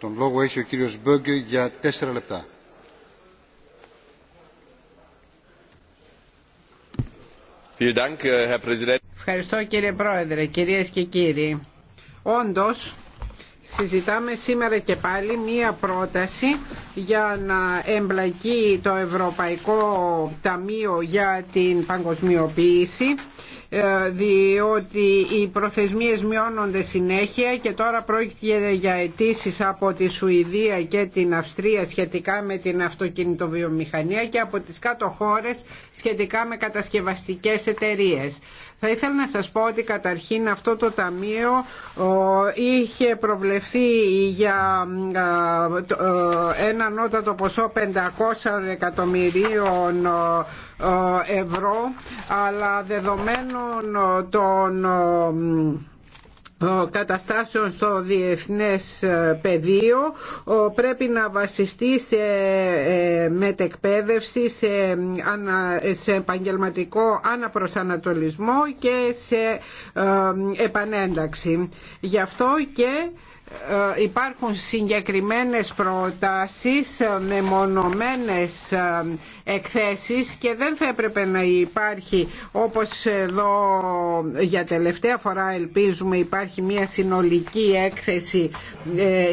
Τον λόγο έχει ο κύριος Μπέγκε για τέσσερα λεπτά. Ευχαριστώ κύριε Πρόεδρε, κυρίες και κύριοι. Όντω, συζητάμε σήμερα και πάλι μία πρόταση για να εμπλακεί το Ευρωπαϊκό Ταμείο για την Παγκοσμιοποίηση ε, διότι οι προθεσμίες μειώνονται συνέχεια και τώρα πρόκειται για αιτήσει από τη Σουηδία και την Αυστρία σχετικά με την αυτοκινητοβιομηχανία και από τις κάτω χώρες σχετικά με κατασκευαστικές εταιρείες. Θα ήθελα να σας πω ότι καταρχήν αυτό το ταμείο είχε προβλεφθεί για ε, ένα ότατο ποσό 500 εκατομμυρίων ευρώ αλλά δεδομένων των καταστάσεων στο διεθνές ε, πεδίο πρέπει να βασιστεί σε ε, μετεκπαίδευση, σε, σε επαγγελματικό αναπροσανατολισμό και σε ε, επανένταξη. Γι' αυτό και ε, υπάρχουν συγκεκριμένες προτάσεις, ε, μεμονωμένες ε, εκθέσεις και δεν θα έπρεπε να υπάρχει όπως εδώ για τελευταία φορά ελπίζουμε υπάρχει μια συνολική έκθεση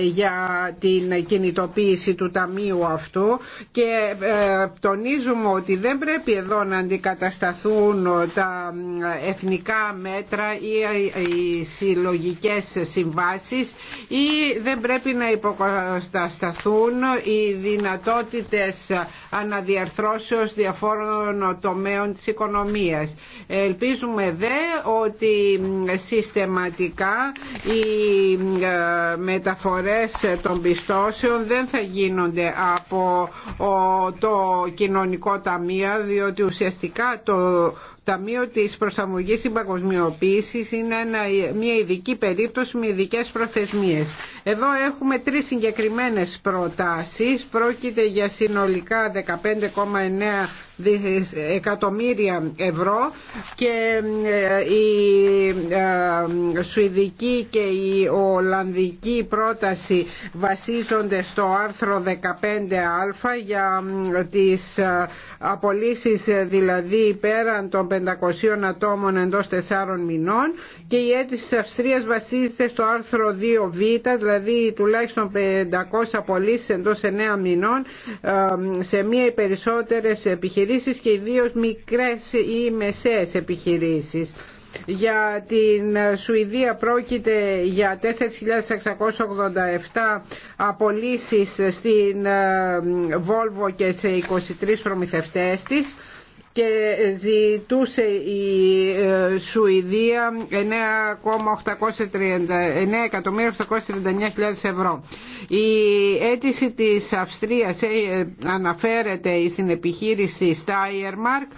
για την κινητοποίηση του ταμείου αυτού και τονίζουμε ότι δεν πρέπει εδώ να αντικατασταθούν τα εθνικά μέτρα ή οι συλλογικές συμβάσεις ή δεν πρέπει να υποκατασταθούν οι δυνατότητες αναδιαρθρώσεως διαφόρων τομέων της οικονομίας. Ελπίζουμε δε ότι συστηματικά οι ε, μεταφορές των πιστώσεων δεν θα γίνονται από το κοινωνικό ταμείο διότι ουσιαστικά το Ταμείο τη Προσαρμογής στην είναι μια ειδική περίπτωση με ειδικέ προθεσμίε. Εδώ έχουμε τρει συγκεκριμένε προτάσεις. Πρόκειται για συνολικά 15,9 εκατομμύρια ευρώ και ε, η ε, Σουηδική και η Ολλανδική πρόταση βασίζονται στο άρθρο 15α για τις ε, απολύσεις δηλαδή πέραν των 500 ατόμων εντός 4 μηνών και η αίτηση της Αυστρίας βασίζεται στο άρθρο 2β δηλαδή τουλάχιστον 500 απολύσεις εντός 9 μηνών σε μία ή περισσότερες επιχειρήσεις επιχειρήσεις και ιδίως μικρές ή μεσαίες επιχειρήσεις. Για την Σουηδία πρόκειται για 4.687 απολύσεις στην ε, Volvo και σε 23 προμηθευτές της και ζητούσε η ε, Σουηδία 9.839.000 ευρώ. Η αίτηση της Αυστρίας ε, αναφέρεται στην επιχείρηση Steiermark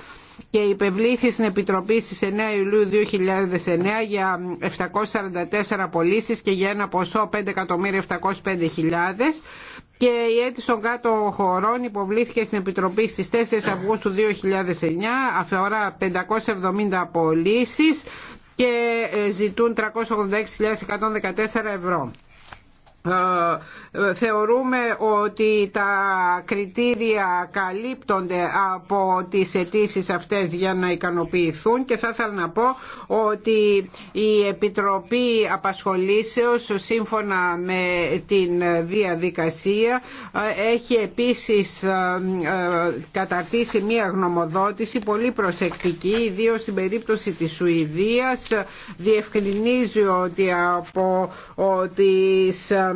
και υπευλήθη στην Επιτροπή στις 9 Ιουλίου 2009 για 744 πωλήσει και για ένα ποσό 5.705.000 και η αίτηση των κάτω χωρών υποβλήθηκε στην Επιτροπή στις 4 Αυγούστου 2009 αφορά 570 πωλήσει και ε, ζητούν 386.114 ευρώ. Ε, θεωρούμε ότι τα κριτήρια καλύπτονται από τις αιτήσει αυτές για να ικανοποιηθούν και θα ήθελα να πω ότι η Επιτροπή Απασχολήσεως σύμφωνα με την διαδικασία έχει επίσης ε, ε, καταρτήσει μία γνωμοδότηση πολύ προσεκτική ιδίω στην περίπτωση της Σουηδίας διευκρινίζει ότι από τις 4.600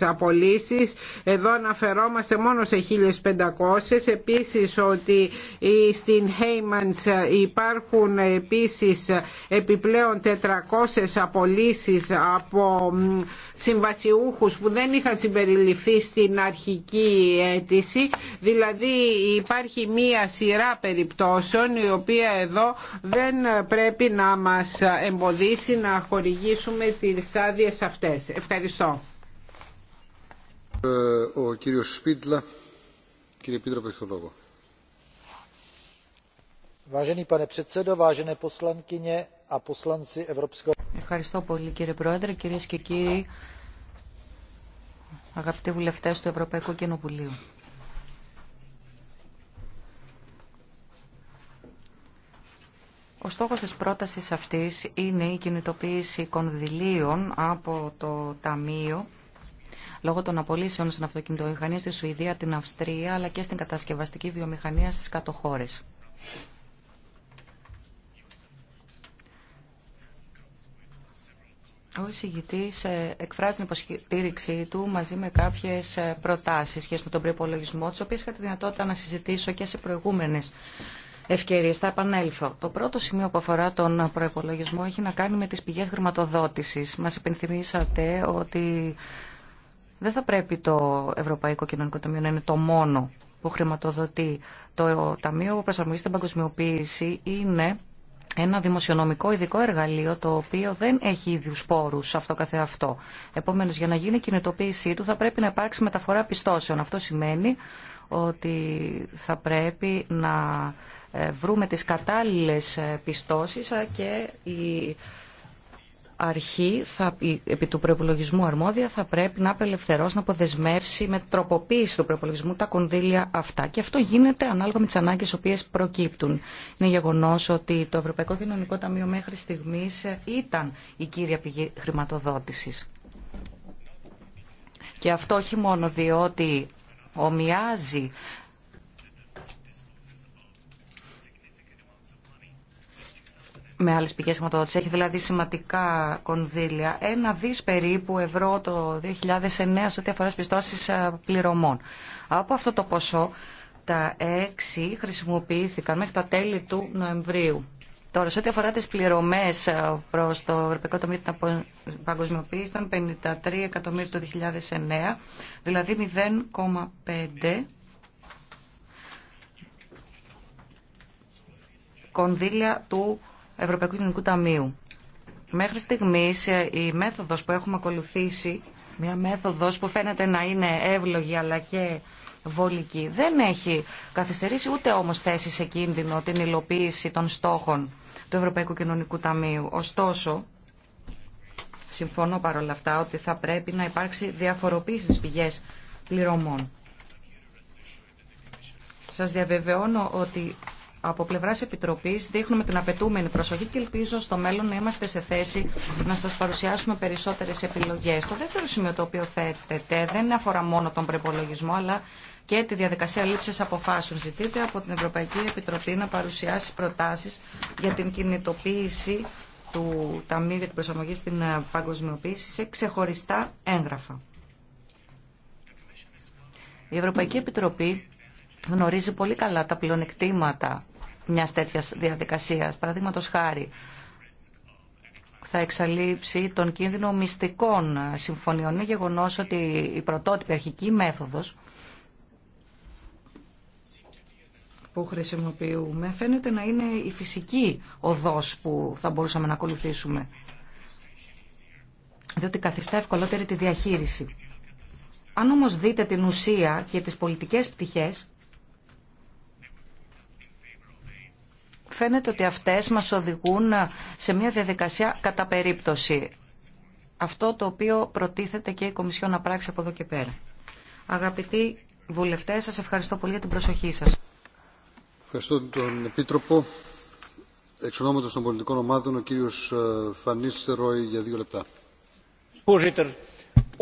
απολύσεις εδώ αναφερόμαστε μόνο σε 1.500 επίσης ότι στην Heymans υπάρχουν επίσης επιπλέον 400 απολύσεις από συμβασιούχους που δεν είχαν συμπεριληφθεί στην αρχική αίτηση δηλαδή υπάρχει μία σειρά περιπτώσεων η οποία εδώ δεν πρέπει να μας εμποδίσει να χορηγήσουμε εξετάσουμε τις άδειε αυτές. Ευχαριστώ. Ε, ο κύριος Σπίτλα, κύριε Πίτρο, έχει το λόγο. Βάζενη Ευχαριστώ πολύ κύριε Πρόεδρε, κυρίες και κύριοι, αγαπητοί βουλευτές του Ευρωπαϊκού Κοινοβουλίου. Ο στόχος της πρότασης αυτής είναι η κινητοποίηση κονδυλίων από το Ταμείο λόγω των απολύσεων στην αυτοκινητοβιομηχανία στη Σουηδία, την Αυστρία αλλά και στην κατασκευαστική βιομηχανία στις κατοχώρες. Ο εισηγητής ε, εκφράζει την υποστήριξή του μαζί με κάποιες ε, προτάσεις σχετικά με τον προπολογισμό, τις οποίες είχα τη δυνατότητα να συζητήσω και σε προηγούμενες ευκαιρίε. Θα επανέλθω. Το πρώτο σημείο που αφορά τον προπολογισμό έχει να κάνει με τι πηγές χρηματοδότηση. Μα υπενθυμίσατε ότι δεν θα πρέπει το Ευρωπαϊκό Κοινωνικό Ταμείο να είναι το μόνο που χρηματοδοτεί. Το Ταμείο Προσαρμογή στην Παγκοσμιοποίηση είναι ένα δημοσιονομικό ειδικό εργαλείο το οποίο δεν έχει ίδιου πόρου αυτό καθεαυτό. Επομένω, για να γίνει η κινητοποίησή του θα πρέπει να υπάρξει μεταφορά πιστώσεων. Αυτό σημαίνει ότι θα πρέπει να ε, βρούμε τις κατάλληλες ε, πιστώσεις ε, και η αρχή θα, επί του προπολογισμού αρμόδια θα πρέπει να απελευθερώσει, να αποδεσμεύσει με τροποποίηση του προπολογισμού τα κονδύλια αυτά. Και αυτό γίνεται ανάλογα με τις ανάγκες οι οποίε προκύπτουν. Είναι γεγονό ότι το Ευρωπαϊκό Κοινωνικό Ταμείο μέχρι στιγμή ήταν η κύρια πηγή χρηματοδότηση. Και αυτό όχι μόνο διότι ομοιάζει με άλλες πηγές χρηματοδότηση. Έχει δηλαδή σημαντικά κονδύλια. Ένα δις περίπου ευρώ το 2009 σε ό,τι αφορά πιστώσεις ε, πληρωμών. Από αυτό το ποσό τα 6 χρησιμοποιήθηκαν μέχρι τα τέλη του Νοεμβρίου. Τώρα, σε ό,τι αφορά τις πληρωμές ε, προς το Ευρωπαϊκό Τομείο την Παγκοσμιοποίηση, ήταν 53 εκατομμύρια το 2009, δηλαδή 0,5 κονδύλια του Ευρωπαϊκού Κοινωνικού Ταμείου. Μέχρι στιγμής ε, η μέθοδος που έχουμε ακολουθήσει, μια μέθοδος που φαίνεται να είναι εύλογη αλλά και βολική, δεν έχει καθυστερήσει ούτε όμως θέσει σε κίνδυνο την υλοποίηση των στόχων του Ευρωπαϊκού Κοινωνικού Ταμείου. Ωστόσο, συμφωνώ παρόλα αυτά ότι θα πρέπει να υπάρξει διαφοροποίηση στις πηγές πληρωμών. Σας διαβεβαιώνω ότι από πλευρά Επιτροπή δείχνουμε την απαιτούμενη προσοχή και ελπίζω στο μέλλον να είμαστε σε θέση να σα παρουσιάσουμε περισσότερε επιλογέ. Το δεύτερο σημείο το οποίο θέτεται δεν αφορά μόνο τον προπολογισμό, αλλά και τη διαδικασία λήψη αποφάσεων. Ζητείτε από την Ευρωπαϊκή Επιτροπή να παρουσιάσει προτάσει για την κινητοποίηση του Ταμείου για την Προσαρμογή στην Παγκοσμιοποίηση σε ξεχωριστά έγγραφα. Η Ευρωπαϊκή Επιτροπή γνωρίζει πολύ καλά τα πλεονεκτήματα μια τέτοια διαδικασία. Παραδείγματο χάρη, θα εξαλείψει τον κίνδυνο μυστικών συμφωνιών. Είναι γεγονό ότι η πρωτότυπη αρχική μέθοδο που χρησιμοποιούμε φαίνεται να είναι η φυσική οδός που θα μπορούσαμε να ακολουθήσουμε. Διότι καθιστά ευκολότερη τη διαχείριση. Αν όμως δείτε την ουσία και τις πολιτικές πτυχές, φαίνεται ότι αυτές μας οδηγούν σε μια διαδικασία κατά περίπτωση. Αυτό το οποίο προτίθεται και η Κομισιόν να πράξει από εδώ και πέρα. Αγαπητοί βουλευτές, σας ευχαριστώ πολύ για την προσοχή σας. Ευχαριστώ τον Επίτροπο. Εξ ονόματος των πολιτικών ομάδων, ο κύριος ε, Φανίστεροι για δύο λεπτά. Voorzitter,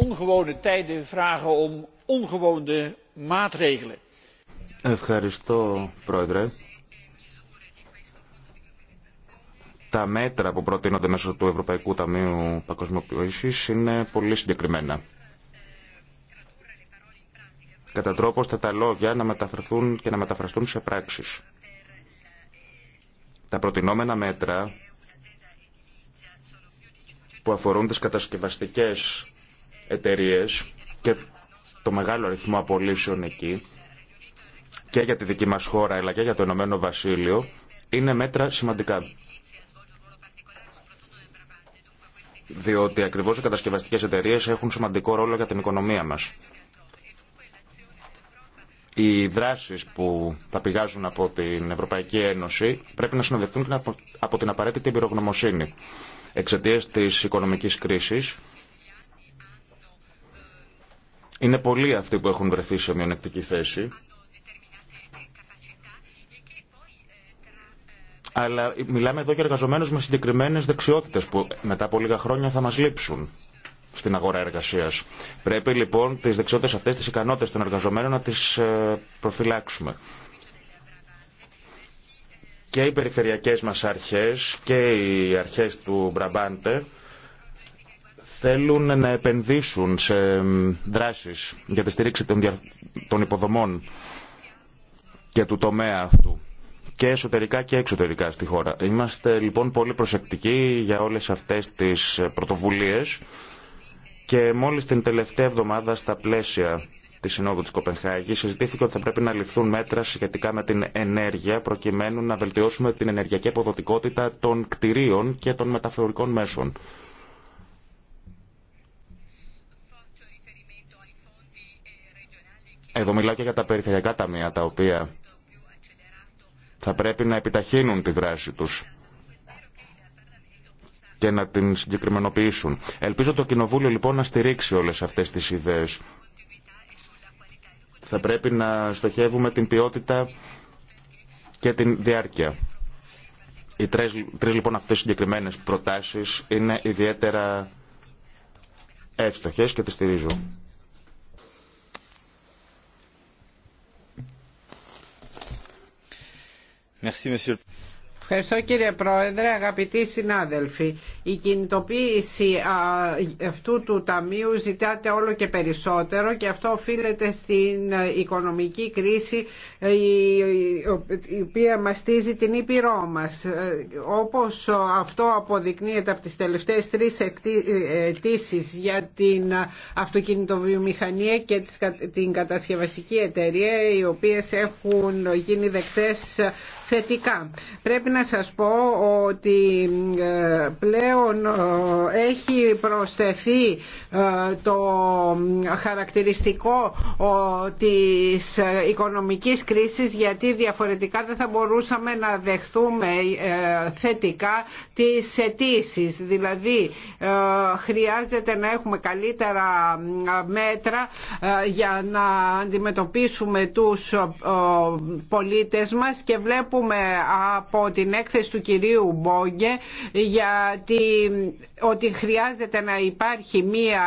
ongewone tijden vragen om ongewone maatregelen. Ευχαριστώ, Πρόεδρε. τα μέτρα που προτείνονται μέσω του Ευρωπαϊκού Ταμείου Παγκοσμιοποίησης είναι πολύ συγκεκριμένα. Κατά τρόπο ώστε τα λόγια να μεταφερθούν και να μεταφραστούν σε πράξεις. Τα προτινόμενα μέτρα που αφορούν τις κατασκευαστικές εταιρείες και το μεγάλο αριθμό απολύσεων εκεί και για τη δική μας χώρα αλλά και για το Ηνωμένο Βασίλειο είναι μέτρα σημαντικά. διότι ακριβώς οι κατασκευαστικές εταιρείες έχουν σημαντικό ρόλο για την οικονομία μας. Οι δράσεις που θα πηγάζουν από την Ευρωπαϊκή Ένωση πρέπει να συνοδευτούν από την απαραίτητη εμπειρογνωμοσύνη. Εξαιτίας της οικονομικής κρίσης είναι πολλοί αυτοί που έχουν βρεθεί σε μειονεκτική θέση Αλλά μιλάμε εδώ για εργαζομένους με συγκεκριμένε δεξιότητες που μετά από λίγα χρόνια θα μας λείψουν στην αγορά εργασίας. Πρέπει λοιπόν τις δεξιότητες αυτές, τις ικανότητες των εργαζομένων να τις ε, προφυλάξουμε και οι περιφερειακές μα αρχέ και οι αρχές του Μπραμπάντε θέλουν να επενδύσουν σε δράσεις για τη στηρίξη των υποδομών και του τομέα αυτού και εσωτερικά και εξωτερικά στη χώρα. Είμαστε λοιπόν πολύ προσεκτικοί για όλες αυτές τις πρωτοβουλίες και μόλις την τελευταία εβδομάδα στα πλαίσια της Συνόδου της Κοπενχάγης συζητήθηκε ότι θα πρέπει να ληφθούν μέτρα σχετικά με την ενέργεια, προκειμένου να βελτιώσουμε την ενεργειακή αποδοτικότητα των κτηρίων και των μεταφορικών μέσων. Εδώ μιλάω και για τα περιφερειακά ταμεία, τα οποία θα πρέπει να επιταχύνουν τη δράση τους και να την συγκεκριμενοποιήσουν. Ελπίζω το Κοινοβούλιο λοιπόν να στηρίξει όλες αυτές τις ιδέες. Θα πρέπει να στοχεύουμε την ποιότητα και την διάρκεια. Οι τρεις, λοιπόν αυτές οι συγκεκριμένες προτάσεις είναι ιδιαίτερα εύστοχες και τις στηρίζω. Merci, monsieur. Ευχαριστώ κύριε Πρόεδρε, αγαπητοί συνάδελφοι. Η κινητοποίηση αυτού του ταμείου ζητάται όλο και περισσότερο και αυτό οφείλεται στην ε, οικονομική κρίση ε, η οποία μαστίζει την Ήπειρό μας. Ε, όπως αυτό αποδεικνύεται από τις τελευταίες τρεις αιτήσει για την αυτοκινητοβιομηχανία και την κατασκευαστική εταιρεία οι οποίες έχουν γίνει δεκτές θετικά. Πρέπει να να σας πω ότι ε, πλέον ε, έχει προσθεθεί ε, το χαρακτηριστικό της οικονομικής κρίσης γιατί διαφορετικά δεν θα μπορούσαμε να δεχθούμε θετικά τις αιτήσει. Δηλαδή χρειάζεται να έχουμε καλύτερα μέτρα για να αντιμετωπίσουμε τους πολίτες μας και βλέπουμε από την την έκθεση του κυρίου Μπόγκε γιατί ότι χρειάζεται να υπάρχει μία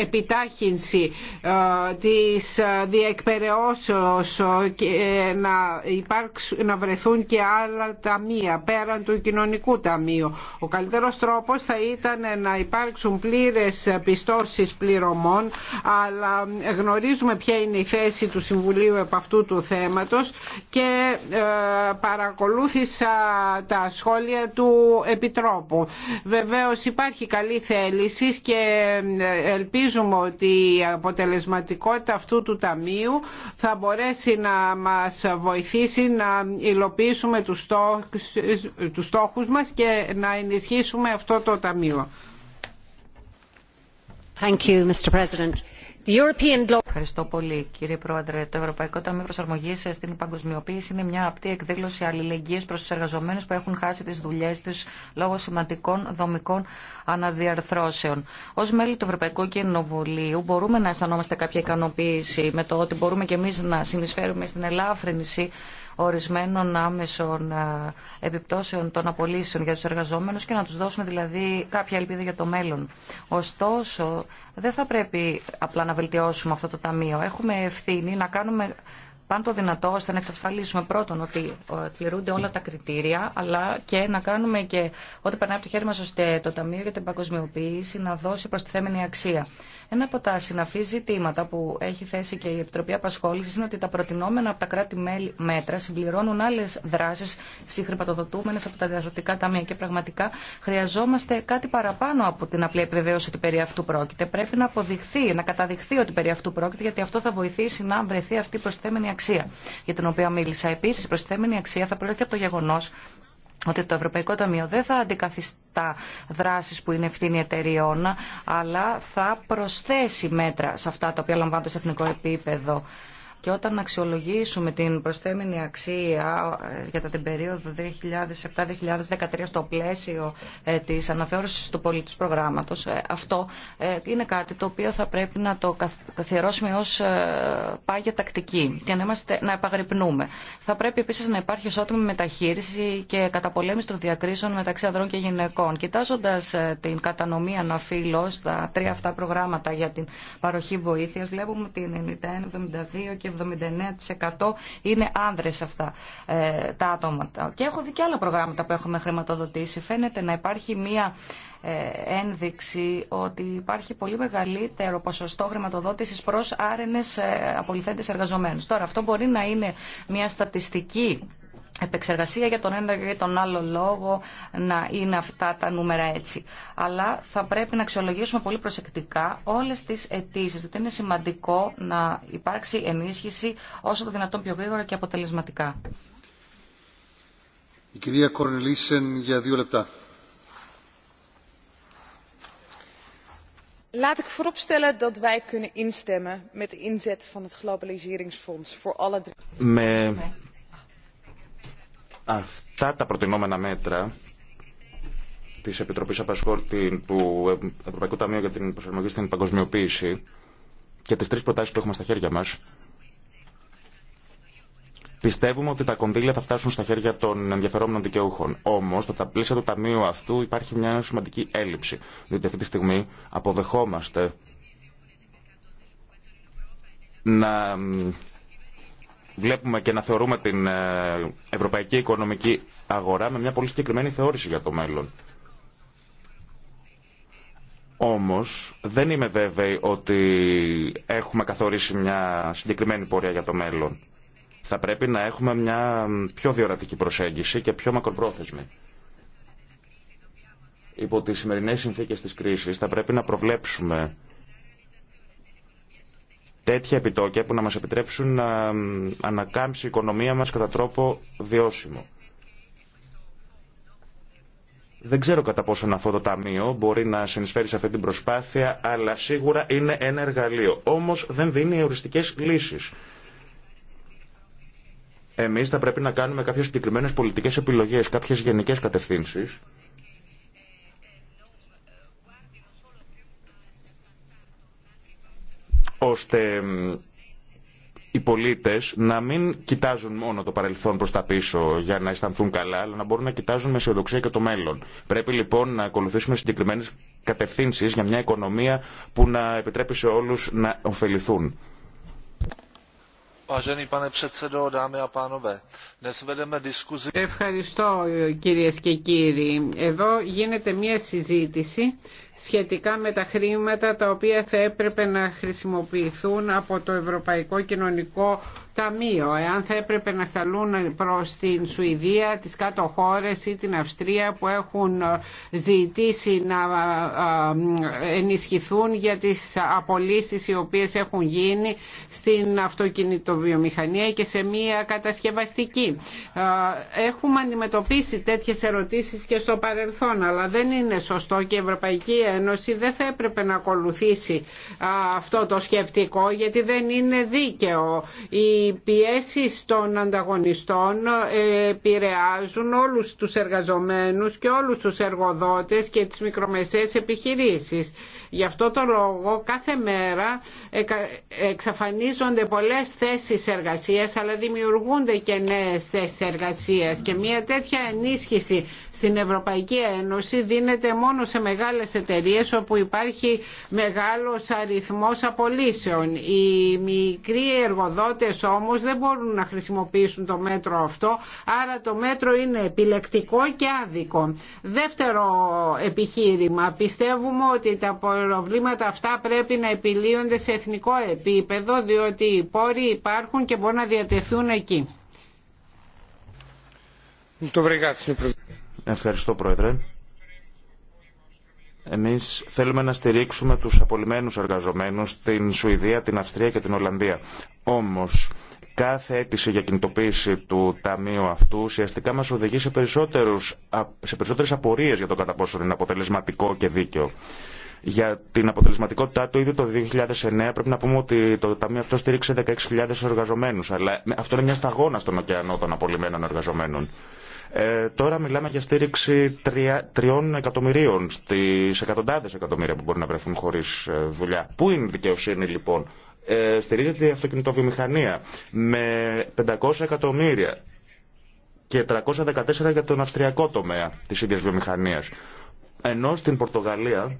επιτάχυνση ε, της διεκπαιρεώσεως και να, να βρεθούν και άλλα ταμεία πέραν του κοινωνικού ταμείου. Ο καλύτερος τρόπος θα ήταν να υπάρξουν πλήρες πιστώσεις πληρωμών αλλά γνωρίζουμε ποια είναι η θέση του Συμβουλίου επ' αυτού του θέματος και ε, παρακολούθησα τα σχόλια του Επιτρόπου. Βεβαίως υπάρχει καλή θέληση και ελπίζουμε ότι η αποτελεσματικότητα αυτού του Ταμείου θα μπορέσει να μας βοηθήσει να υλοποιήσουμε τους στόχους, τους μας και να ενισχύσουμε αυτό το Ταμείο. Thank President. Ευχαριστώ πολύ κύριε Πρόεδρε. Το Ευρωπαϊκό Ταμείο Προσαρμογή στην Παγκοσμιοποίηση είναι μια απτή εκδήλωση αλληλεγγύη προ του εργαζομένου που έχουν χάσει τι δουλειέ του λόγω σημαντικών δομικών αναδιαρθρώσεων. Ω μέλη του Ευρωπαϊκού Κοινοβουλίου μπορούμε να αισθανόμαστε κάποια ικανοποίηση με το ότι μπορούμε και εμεί να συνεισφέρουμε στην ελάφρυνση ορισμένων άμεσων ε, επιπτώσεων των απολύσεων για τους εργαζόμενους και να τους δώσουμε δηλαδή κάποια ελπίδα για το μέλλον. Ωστόσο, δεν θα πρέπει απλά να βελτιώσουμε αυτό το ταμείο. Έχουμε ευθύνη να κάνουμε πάνω το δυνατό ώστε να εξασφαλίσουμε πρώτον ότι ε, πληρούνται όλα τα κριτήρια, αλλά και να κάνουμε και ό,τι περνάει από το χέρι μας ώστε το Ταμείο για την Παγκοσμιοποίηση να δώσει προστιθέμενη αξία ένα από τα συναφή ζητήματα που έχει θέσει και η Επιτροπή Απασχόληση είναι ότι τα προτινόμενα από τα κράτη-μέλη μέτρα συμπληρώνουν άλλε δράσει συγχρηματοδοτούμενε από τα διαδοτικά ταμεία. Και πραγματικά χρειαζόμαστε κάτι παραπάνω από την απλή επιβεβαίωση ότι περί αυτού πρόκειται. Πρέπει να αποδειχθεί, να καταδειχθεί ότι περί αυτού πρόκειται, γιατί αυτό θα βοηθήσει να βρεθεί αυτή η προστιθέμενη αξία για την οποία μίλησα. Επίση, η προστιθέμενη αξία θα προέρχεται από το γεγονό ότι το Ευρωπαϊκό Ταμείο δεν θα αντικαθιστά δράσεις που είναι ευθύνη εταιριών, αλλά θα προσθέσει μέτρα σε αυτά τα οποία λαμβάνονται σε εθνικό επίπεδο και όταν αξιολογήσουμε την προσθέμενη αξία ε, για την περίοδο 2007-2013 στο πλαίσιο ε, της αναθεώρησης του πολιτικού προγράμματος, ε, αυτό είναι κάτι το οποίο θα πρέπει να το καθιερώσουμε ως πάγια τακτική και να, είμαστε, να επαγρυπνούμε. Θα πρέπει επίσης να υπάρχει ισότιμη μεταχείριση και καταπολέμηση των διακρίσεων μεταξύ ανδρών και γυναικών. Κοιτάζοντας την κατανομή αναφύλως, στα τρία αυτά προγράμματα για την παροχή βοήθειας, βλέπουμε ότι 91, 72 και 79% είναι άνδρες αυτά ε, τα άτομα. Και έχω δει και άλλα προγράμματα που έχουμε χρηματοδοτήσει. Φαίνεται να υπάρχει μία ε, ένδειξη ότι υπάρχει πολύ μεγαλύτερο ποσοστό χρηματοδότησης προς άρενες ε, απολυθέντες εργαζομένους. Τώρα αυτό μπορεί να είναι μια στατιστική επεξεργασία για τον ένα ή τον άλλο λόγο να είναι αυτά τα νούμερα έτσι. Αλλά θα πρέπει να αξιολογήσουμε πολύ προσεκτικά όλε τι αιτήσει. γιατί είναι σημαντικό να υπάρξει ενίσχυση όσο το δυνατόν πιο γρήγορα και αποτελεσματικά. Η κυρία Κορνελίσεν για δύο λεπτά. Laat ik vooropstellen dat wij Αυτά τα προτινόμενα μέτρα τη Επιτροπή Απασχόρτη του Ευρωπαϊκού Ταμείου για την Προσαρμογή στην Παγκοσμιοποίηση και τι τρει προτάσει που έχουμε στα χέρια μα, Πιστεύουμε ότι τα κονδύλια θα φτάσουν στα χέρια των ενδιαφερόμενων δικαιούχων. Όμω, το πλαίσια του Ταμείου αυτού υπάρχει μια σημαντική έλλειψη. Διότι αυτή τη στιγμή αποδεχόμαστε να βλέπουμε και να θεωρούμε την ε, ευρωπαϊκή οικονομική αγορά με μια πολύ συγκεκριμένη θεώρηση για το μέλλον. Όμως δεν είμαι βέβαιη ότι έχουμε καθορίσει μια συγκεκριμένη πορεία για το μέλλον. Θα πρέπει να έχουμε μια πιο διορατική προσέγγιση και πιο μακροπρόθεσμη. Υπό τις σημερινές συνθήκες της κρίσης θα πρέπει να προβλέψουμε τέτοια επιτόκια που να μας επιτρέψουν να ανακάμψει η οικονομία μας κατά τρόπο βιώσιμο. Δεν ξέρω κατά πόσον αυτό το ταμείο μπορεί να συνεισφέρει σε αυτή την προσπάθεια, αλλά σίγουρα είναι ένα εργαλείο. Όμως δεν δίνει οριστικές λύσεις. Εμείς θα πρέπει να κάνουμε κάποιες συγκεκριμένες πολιτικές επιλογές, κάποιες γενικές κατευθύνσεις ώστε οι πολίτε να μην κοιτάζουν μόνο το παρελθόν προ τα πίσω για να αισθανθούν καλά, αλλά να μπορούν να κοιτάζουν με αισιοδοξία και το μέλλον. Πρέπει λοιπόν να ακολουθήσουμε συγκεκριμένε κατευθύνσει για μια οικονομία που να επιτρέπει σε όλου να ωφεληθούν. Ευχαριστώ ε, κυρίες και κύριοι. Εδώ γίνεται μια συζήτηση σχετικά με τα χρήματα τα οποία θα έπρεπε να χρησιμοποιηθούν από το Ευρωπαϊκό Κοινωνικό Ταμείο. Εάν θα έπρεπε να σταλούν προς την Σουηδία, τις κάτω χώρες ή την Αυστρία που έχουν ζητήσει να ενισχυθούν για τις απολύσεις οι οποίες έχουν γίνει στην αυτοκινητοβιομηχανία και σε μία κατασκευαστική. Έχουμε αντιμετωπίσει τέτοιες ερωτήσεις και στο παρελθόν, αλλά δεν είναι σωστό και η Ευρωπαϊκή Ένωση δεν θα έπρεπε να ακολουθήσει αυτό το σκεπτικό γιατί δεν είναι δίκαιο. Οι πιέσει των ανταγωνιστών ε, επηρεάζουν όλους τους εργαζομένους και όλους τους εργοδότες και τις μικρομεσαίες επιχειρήσεις. Γι' αυτό το λόγο κάθε μέρα εξαφανίζονται πολλές θέσεις εργασίας αλλά δημιουργούνται και νέες θέσεις εργασίας και μια τέτοια ενίσχυση στην Ευρωπαϊκή Ένωση δίνεται μόνο σε μεγάλες εταιρείες όπου υπάρχει μεγάλος αριθμός απολύσεων. Οι μικροί εργοδότες όμως δεν μπορούν να χρησιμοποιήσουν το μέτρο αυτό άρα το μέτρο είναι επιλεκτικό και άδικο. Δεύτερο επιχείρημα πιστεύουμε ότι τα προβλήματα αυτά πρέπει να επιλύονται σε εθνικό επίπεδο διότι οι πόροι υπάρχουν και μπορούν να διατεθούν εκεί. Ευχαριστώ Πρόεδρε. Εμείς θέλουμε να στηρίξουμε τους απολυμμένους εργαζομένους στην Σουηδία, την Αυστρία και την Ολλανδία. Όμως, κάθε αίτηση για κινητοποίηση του ταμείου αυτού ουσιαστικά μας οδηγεί σε, περισσότερους, σε περισσότερες απορίες για το κατά πόσο είναι αποτελεσματικό και δίκαιο. Για την αποτελεσματικότητά του, ήδη το 2009 πρέπει να πούμε ότι το Ταμείο αυτό στήριξε 16.000 εργαζομένου. Αλλά αυτό είναι μια σταγόνα στον ωκεανό των απολυμμένων εργαζομένων. Ε, τώρα μιλάμε για στήριξη τριών εκατομμυρίων στι εκατοντάδε εκατομμύρια που μπορεί να βρεθούν χωρί ε, δουλειά. Πού είναι η δικαιοσύνη λοιπόν. Ε, στηρίζεται η αυτοκινητοβιομηχανία με 500 εκατομμύρια και 314 για τον αυστριακό τομέα τη ίδια βιομηχανία. Ενώ στην Πορτογαλία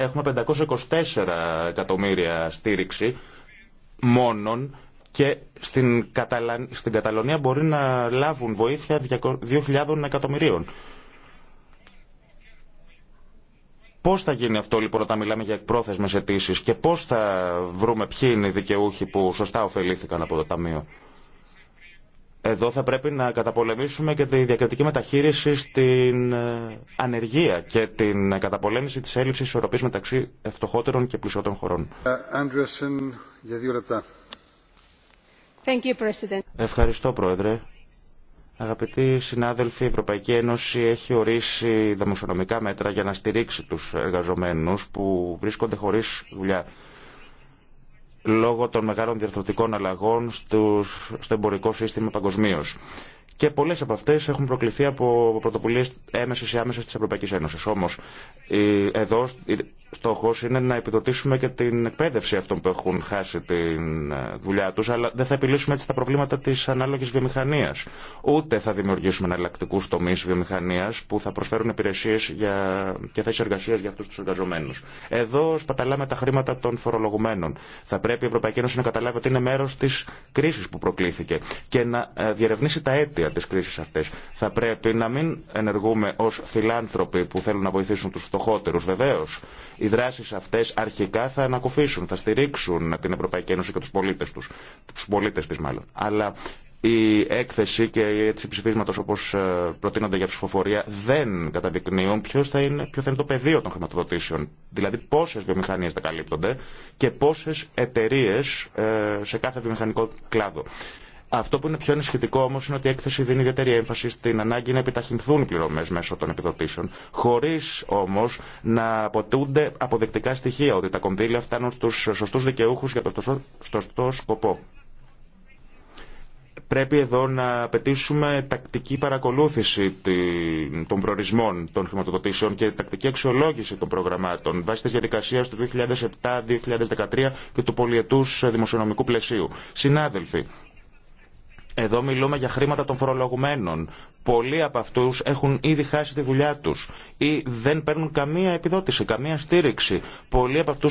Έχουμε 524 εκατομμύρια στήριξη μόνον και στην, Καταλα... στην Καταλωνία μπορεί να λάβουν βοήθεια 2.000 εκατομμυρίων. Πώς θα γίνει αυτό λοιπόν όταν μιλάμε για εκπρόθεσμες αιτήσει και πώς θα βρούμε ποιοι είναι οι δικαιούχοι που σωστά ωφελήθηκαν από το Ταμείο. Εδώ θα πρέπει να καταπολεμήσουμε και τη διακριτική μεταχείριση στην ε, ανεργία και την καταπολέμηση της έλλειψης ισορροπής μεταξύ φτωχότερων και πλουσιότερων χωρών. Ε, για δύο λεπτά. Ευχαριστώ, Πρόεδρε. Αγαπητοί συνάδελφοι, η Ευρωπαϊκή Ένωση έχει ορίσει δημοσιονομικά μέτρα για να στηρίξει τους εργαζομένους που βρίσκονται χωρίς δουλειά λόγω των μεγάλων διαρθρωτικών αλλαγών στο εμπορικό σύστημα παγκοσμίω και πολλέ από αυτέ έχουν προκληθεί από πρωτοβουλίε έμεσε ή άμεσε τη Ευρωπαϊκή Ένωση. Όμω, εδώ στόχο είναι να επιδοτήσουμε και την εκπαίδευση αυτών που έχουν χάσει τη ε, δουλειά του, αλλά δεν θα επιλύσουμε έτσι τα προβλήματα τη ανάλογη βιομηχανία. Ούτε θα δημιουργήσουμε εναλλακτικού τομεί βιομηχανία που θα προσφέρουν υπηρεσίε και θέσει εργασία για αυτού του εργαζομένου. Εδώ σπαταλάμε τα χρήματα των φορολογουμένων. Θα πρέπει η Ευρωπαϊκή Ένωση να καταλάβει ότι είναι μέρο τη κρίση που προκλήθηκε και να ε, διερευνήσει τα αίτια για τις κρίσεις Θα πρέπει να μην ενεργούμε ως φιλάνθρωποι που θέλουν να βοηθήσουν τους φτωχότερους. Βεβαίως, οι δράσεις αυτές αρχικά θα ανακουφίσουν, θα στηρίξουν την Ευρωπαϊκή Ένωση και τους πολίτες τους, τους πολίτες της μάλλον. Αλλά η έκθεση και η έτσι ψηφίσματο όπω ε, προτείνονται για ψηφοφορία δεν καταδεικνύουν ποιο θα, είναι, ποιο θα είναι το πεδίο των χρηματοδοτήσεων. Δηλαδή πόσε βιομηχανίε θα καλύπτονται και πόσε εταιρείε ε, σε κάθε βιομηχανικό κλάδο. Αυτό που είναι πιο ενισχυτικό όμω είναι ότι η έκθεση δίνει ιδιαίτερη έμφαση στην ανάγκη να επιταχυνθούν οι πληρωμέ μέσω των επιδοτήσεων, χωρί όμω να αποτούνται αποδεκτικά στοιχεία ότι τα κονδύλια φτάνουν στου σωστού δικαιούχου για το σωστό σκοπό. Πρέπει εδώ να απαιτήσουμε τακτική παρακολούθηση των προορισμών των χρηματοδοτήσεων και τακτική αξιολόγηση των προγραμμάτων βάσει τη διαδικασία του 2007-2013 και του πολιετού δημοσιονομικού πλαισίου. Συνάδελφοι, εδώ μιλούμε για χρήματα των φορολογουμένων. Πολλοί από αυτού έχουν ήδη χάσει τη δουλειά του ή δεν παίρνουν καμία επιδότηση, καμία στήριξη. Πολλοί από αυτού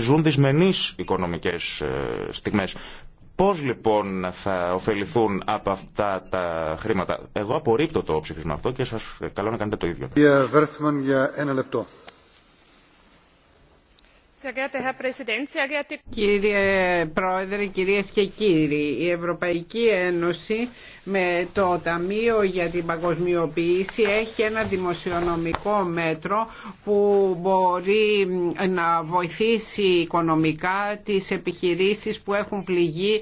ζουν δυσμενεί οικονομικέ ε, στιγμέ. Πώ λοιπόν θα ωφεληθούν από αυτά τα χρήματα. Εγώ απορρίπτω το ψήφισμα αυτό και σα καλώ να κάνετε το ίδιο. Κύριε Βέρθμαν, για ένα λεπτό. Κύριε Πρόεδρε, κυρίες και κύριοι, η Ευρωπαϊκή Ένωση με το Ταμείο για την Παγκοσμιοποίηση έχει ένα δημοσιονομικό μέτρο που μπορεί να βοηθήσει οικονομικά τις επιχειρήσεις που έχουν πληγεί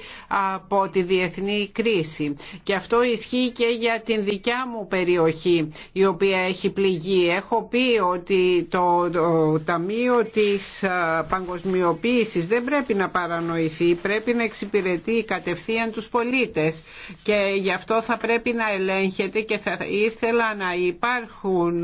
από τη διεθνή κρίση. Και αυτό ισχύει και για την δικιά μου περιοχή η οποία έχει πληγεί. Έχω πει ότι το, το Ταμείο της παγκοσμιοποίησης δεν πρέπει να παρανοηθεί, πρέπει να εξυπηρετεί κατευθείαν τους πολίτες και γι' αυτό θα πρέπει να ελέγχεται και θα ήθελα να, υπάρχουν,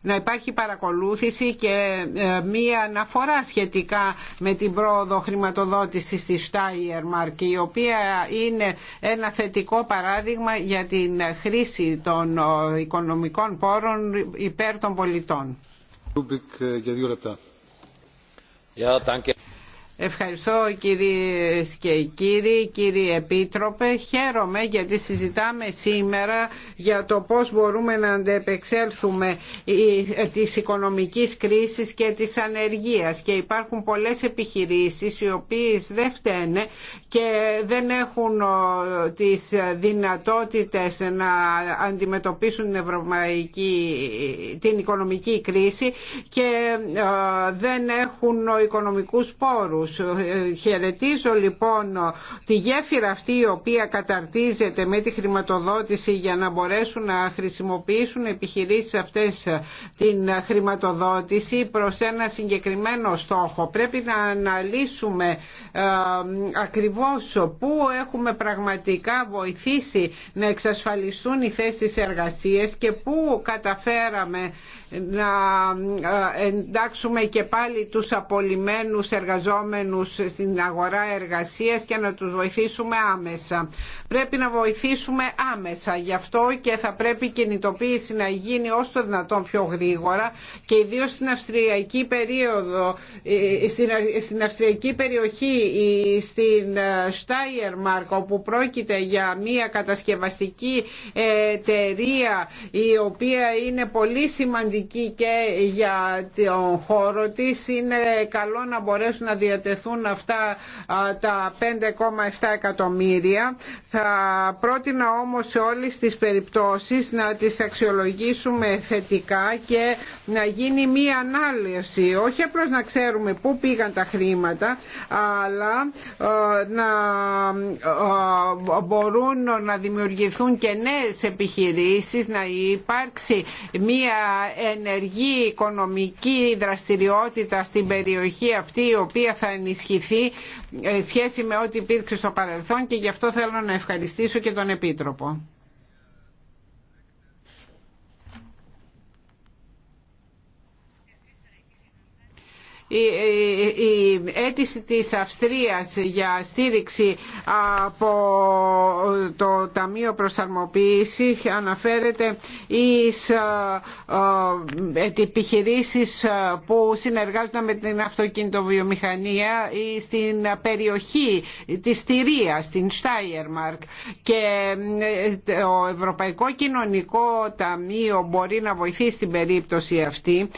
να υπάρχει παρακολούθηση και ε, μία αναφορά σχετικά με την πρόοδο χρηματοδότησης της Steiermark η οποία είναι ένα θετικό παράδειγμα για την χρήση των ε, οικονομικών πόρων υπέρ των πολιτών. Ε, για λεπτά. Danke. Ευχαριστώ κύριε και κύριοι, κύριε Επίτροπε. Χαίρομαι γιατί συζητάμε σήμερα για το πώς μπορούμε να αντεπεξέλθουμε της οικονομικής κρίσης και της ανεργίας. Και υπάρχουν πολλές επιχειρήσεις οι οποίες δεν φταίνε και δεν έχουν τις δυνατότητες να αντιμετωπίσουν την, την οικονομική κρίση και ε, δεν έχουν οικονομικούς πόρους ε, χαιρετίζω λοιπόν τη γέφυρα αυτή η οποία καταρτίζεται με τη χρηματοδότηση για να μπορέσουν να χρησιμοποιήσουν επιχειρήσεις αυτές ε, την χρηματοδότηση προς ένα συγκεκριμένο στόχο. Πρέπει να αναλύσουμε ε, ακριβώς πού έχουμε πραγματικά βοηθήσει να εξασφαλιστούν οι θέσεις εργασίες και πού καταφέραμε να ε, εντάξουμε και πάλι τους απολυμένους εργαζόμενους στην αγορά εργασίας και να τους βοηθήσουμε άμεσα. Πρέπει να βοηθήσουμε άμεσα γι' αυτό και θα πρέπει η κινητοποίηση να γίνει όσο το δυνατόν πιο γρήγορα και ιδίω στην αυστριακή περίοδο, ε, στην αυστριακή περιοχή, στην ε, Steiermark, όπου πρόκειται για μια κατασκευαστική εταιρεία η οποία είναι πολύ σημαντική και για τον χώρο της. Είναι καλό να μπορέσουν να διατεθούν αυτά τα 5,7 εκατομμύρια. Θα πρότεινα όμως σε όλες τις περιπτώσεις να τις αξιολογήσουμε θετικά και να γίνει μία ανάλυση. Όχι απλώς να ξέρουμε πού πήγαν τα χρήματα, αλλά να μπορούν να δημιουργηθούν και νέες επιχειρήσεις, να υπάρξει μία ενεργή οικονομική δραστηριότητα στην περιοχή αυτή η οποία θα ενισχυθεί ε, σχέση με ό,τι υπήρξε στο παρελθόν και γι' αυτό θέλω να ευχαριστήσω και τον Επίτροπο. η αίτηση της Αυστρίας για στήριξη από το Ταμείο Προσαρμοποίηση αναφέρεται εις ε, ε, ε, επιχειρήσεις που συνεργάζονται με την αυτοκινητοβιομηχανία ή στην περιοχή της Στηρίας, στην Στάιερμαρκ και το Ευρωπαϊκό Κοινωνικό Ταμείο μπορεί να βοηθήσει στην περίπτωση αυτή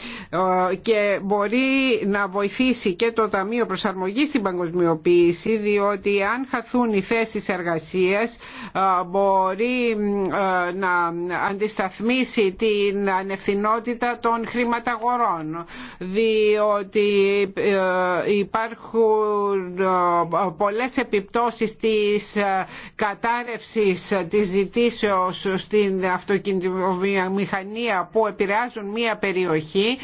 και μπορεί να βοηθήσει και το Ταμείο Προσαρμογής στην Παγκοσμιοποίηση διότι αν χαθούν οι θέσεις εργασίας ε, μπορεί ε, να αντισταθμίσει την ανευθυνότητα των χρηματαγορών διότι ε, υπάρχουν πολλές επιπτώσεις της κατάρρευσης της ζητήσεως στην αυτοκινητοβιομηχανία που επηρεάζουν μία περιοχή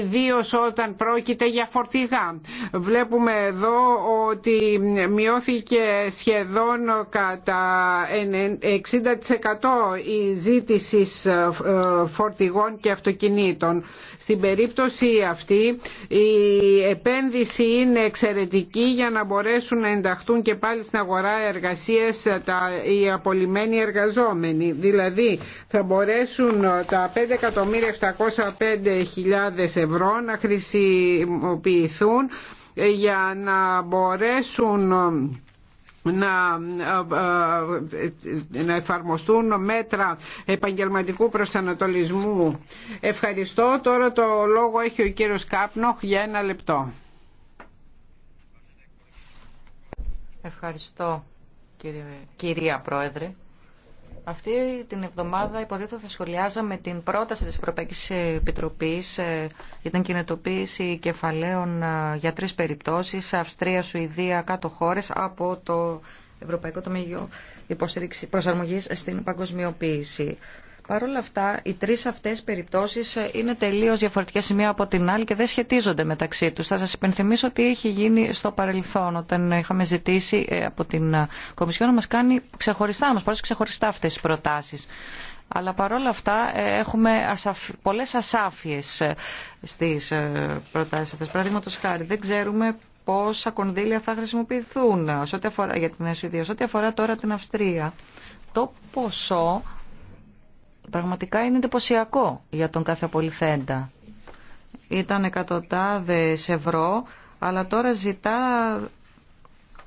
ιδίω όταν πρόκειται πρόκειται για φορτηγά. Βλέπουμε εδώ ότι μειώθηκε σχεδόν κατά 60% η ζήτηση ε, φορτηγών και αυτοκινήτων. Στην περίπτωση αυτή η επένδυση είναι εξαιρετική για να μπορέσουν να ενταχθούν και πάλι στην αγορά εργασίες τα, οι απολυμμένοι εργαζόμενοι. Δηλαδή θα μπορέσουν τα 5.705.000 ευρώ να χρησιμοποιήσουν χρησιμοποιηθούν ε, για να μπορέσουν ε, να, ε, να εφαρμοστούν μέτρα επαγγελματικού προσανατολισμού. Ευχαριστώ. Τώρα το λόγο έχει ο κύριος Κάπνοχ για ένα λεπτό. Ευχαριστώ κύριε, κυρία Πρόεδρε. Αυτή την εβδομάδα υποτίθεται θα σχολιάζαμε την πρόταση της Ευρωπαϊκής Επιτροπής ε, για την κινητοποίηση κεφαλαίων ε, για τρεις περιπτώσεις, Αυστρία, Σουηδία, κάτω χώρες από το Ευρωπαϊκό Τομείο Υποστήριξη Προσαρμογής στην Παγκοσμιοποίηση. Παρ' όλα αυτά, οι τρει αυτέ περιπτώσει ε, είναι τελείω διαφορετικές η μία από την άλλη και δεν σχετίζονται μεταξύ του. Θα σα υπενθυμίσω ότι έχει γίνει στο παρελθόν όταν είχαμε ζητήσει ε, από την ε, Κομισιόν να μα κάνει ξεχωριστά, να μα παρέσει ξεχωριστά αυτές τις προτάσεις. Αλλά παρόλα αυτά έχουμε ασαφ... πολλές ασάφειες στις προτάσεις αυτές. Παραδείγματος χάρη, δεν ξέρουμε πόσα κονδύλια θα χρησιμοποιηθούν για την Σουηδία. Σε ό,τι αφορά τώρα την Αυστρία, το ποσό Πραγματικά είναι εντυπωσιακό για τον κάθε απολυθέντα. Ήταν εκατοντάδες ευρώ, αλλά τώρα ζητά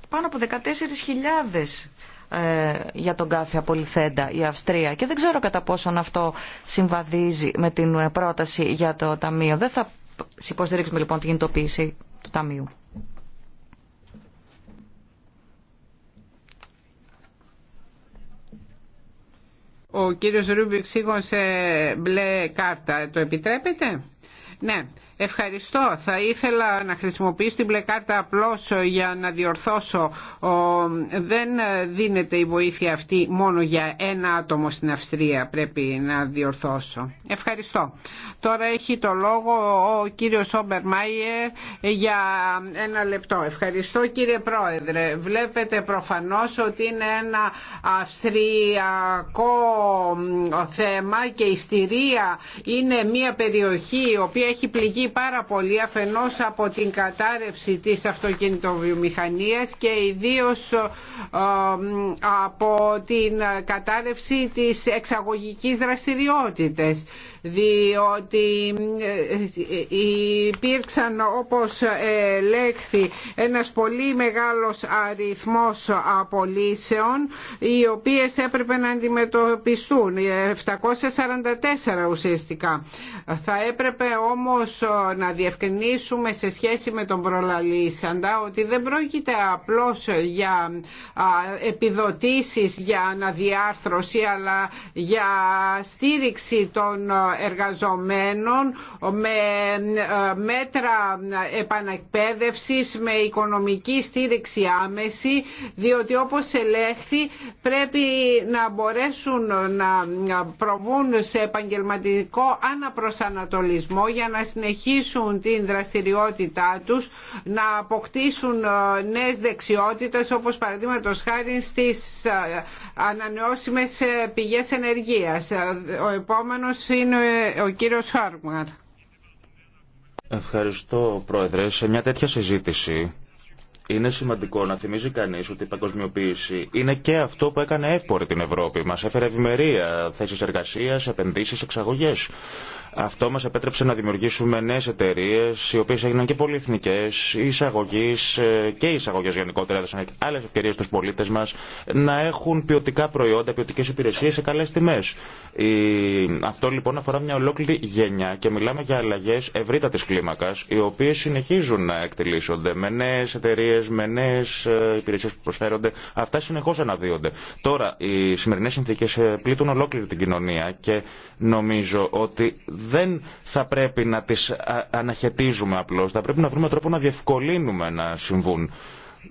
πάνω από 14.000 ε, για τον κάθε απολυθέντα η Αυστρία και δεν ξέρω κατά πόσον αυτό συμβαδίζει με την ε, πρόταση για το Ταμείο. Δεν θα υποστηρίξουμε λοιπόν την κινητοποίηση του Ταμείου. Ο κύριος Ρούμπιξ σήκωσε μπλε κάρτα. Το επιτρέπετε? Ναι. Ευχαριστώ. Θα ήθελα να χρησιμοποιήσω την μπλε κάρτα απλώς για να διορθώσω. Δεν δίνεται η βοήθεια αυτή μόνο για ένα άτομο στην Αυστρία. Πρέπει να διορθώσω. Ευχαριστώ. Τώρα έχει το λόγο ο κύριος Όμπερ Μάιερ για ένα λεπτό. Ευχαριστώ κύριε Πρόεδρε. Βλέπετε προφανώς ότι είναι ένα αυστριακό θέμα και η Στηρία είναι μια περιοχή η οποία έχει πληγεί πάρα πολύ αφενός από την κατάρρευση της αυτοκινητοβιομηχανίας και ιδίως ε, ε, από την κατάρρευση της εξαγωγικής δραστηριότητας διότι ε, ε, υπήρξαν όπως ε, λέχθη ένας πολύ μεγάλος αριθμός απολύσεων οι οποίες έπρεπε να αντιμετωπιστούν 744 ουσιαστικά θα έπρεπε όμως να διευκρινίσουμε σε σχέση με τον προλαλήσαντα ότι δεν πρόκειται απλώς για επιδοτήσεις για αναδιάρθρωση αλλά για στήριξη των εργαζομένων με ε, μέτρα επανακπαίδευσης, με οικονομική στήριξη άμεση διότι όπως ελέγχθη πρέπει να μπορέσουν να προβούν σε επαγγελματικό αναπροσανατολισμό για να συνεχίσουν την δραστηριότητά τους, να αποκτήσουν ε, νέες δεξιότητες όπως παραδείγματο χάρη στις ε, ανανεώσιμες πηγές ενεργείας. Ο επόμενος είναι ο κύριος Χάρμαρ. Ευχαριστώ, Πρόεδρε. Σε μια τέτοια συζήτηση είναι σημαντικό να θυμίζει κανείς ότι η παγκοσμιοποίηση είναι και αυτό που έκανε εύπορη την Ευρώπη. Μας έφερε ευημερία, θέσεις εργασίας, επενδύσεις, εξαγωγές. Αυτό μας επέτρεψε να δημιουργήσουμε νέες εταιρείε, οι οποίες έγιναν και πολυεθνικές, εισαγωγής ε, και εισαγωγές γενικότερα, έδωσαν άλλες ευκαιρίες στους πολίτες μας να έχουν ποιοτικά προϊόντα, ποιοτικές υπηρεσίες σε καλές τιμές. Αυτό λοιπόν αφορά μια ολόκληρη γενιά και μιλάμε για αλλαγέ ευρύτατης κλίμακας, οι οποίες συνεχίζουν να εκτελήσονται με νέες εταιρείε, με νέες ε, υπηρεσίες που προσφέρονται. Αυτά συνεχώς αναδύονται. Τώρα, οι σημερινές συνθήκε ε, πλήττουν ολόκληρη την κοινωνία και νομίζω ότι δεν θα πρέπει να τις αναχαιτίζουμε απλώς. Θα πρέπει να βρούμε τρόπο να διευκολύνουμε να συμβούν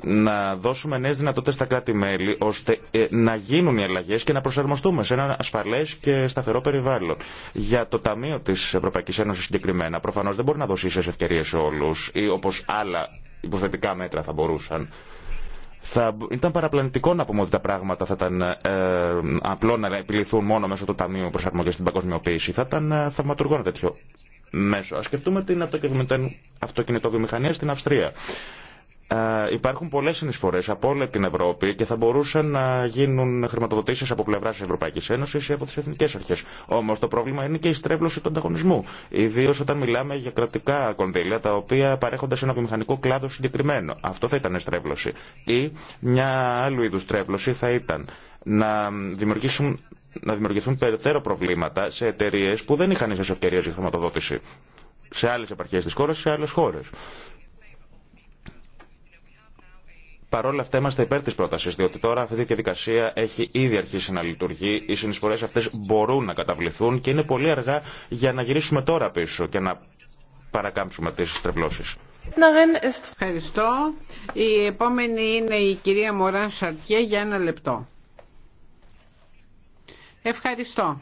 να δώσουμε νέες δυνατότητες στα κράτη-μέλη ώστε ε, να γίνουν οι αλλαγέ και να προσαρμοστούμε σε ένα ασφαλές και σταθερό περιβάλλον. Για το Ταμείο της Ευρωπαϊκής Ένωσης συγκεκριμένα, προφανώς δεν μπορεί να δώσει ίσε ευκαιρίε σε όλους ή όπως άλλα υποθετικά μέτρα θα μπορούσαν. Θα ήταν παραπλανητικό να πούμε ότι τα πράγματα θα ήταν ε, απλό να επιληθούν μόνο μέσω του Ταμείου Προσαρμογή στην Παγκοσμιοποίηση. Θα ήταν ε, θαυματουργό ένα τέτοιο μέσο. Α σκεφτούμε την αυτοκινητοβιομηχανία στην Αυστρία. Ε, υπάρχουν πολλές συνεισφορές από όλη την Ευρώπη και θα μπορούσαν να γίνουν χρηματοδοτήσεις από πλευρά της Ευρωπαϊκής Ένωσης ή από τις εθνικές αρχές. Όμως το πρόβλημα είναι και η στρέβλωση του ανταγωνισμού. ιδίω όταν μιλάμε για κρατικά κονδύλια τα οποία παρέχονται σε ένα βιομηχανικό κλάδο συγκεκριμένο. Αυτό θα ήταν στρέβλωση. Ή μια άλλου είδου στρέβλωση θα ήταν να δημιουργήσουν να δημιουργηθούν περαιτέρω προβλήματα σε εταιρείε που δεν είχαν ίσε ευκαιρίε για χρηματοδότηση σε άλλε επαρχίε τη χώρα, σε άλλε χώρε. Παρόλα αυτά είμαστε υπέρ τη πρόταση, διότι τώρα αυτή η διαδικασία έχει ήδη αρχίσει να λειτουργεί. Οι συνεισφορέ αυτέ μπορούν να καταβληθούν και είναι πολύ αργά για να γυρίσουμε τώρα πίσω και να παρακάμψουμε τι στρεβλώσει. Ευχαριστώ. Η επόμενη είναι η κυρία Μωράν Σαρτιέ για ένα λεπτό. Ευχαριστώ.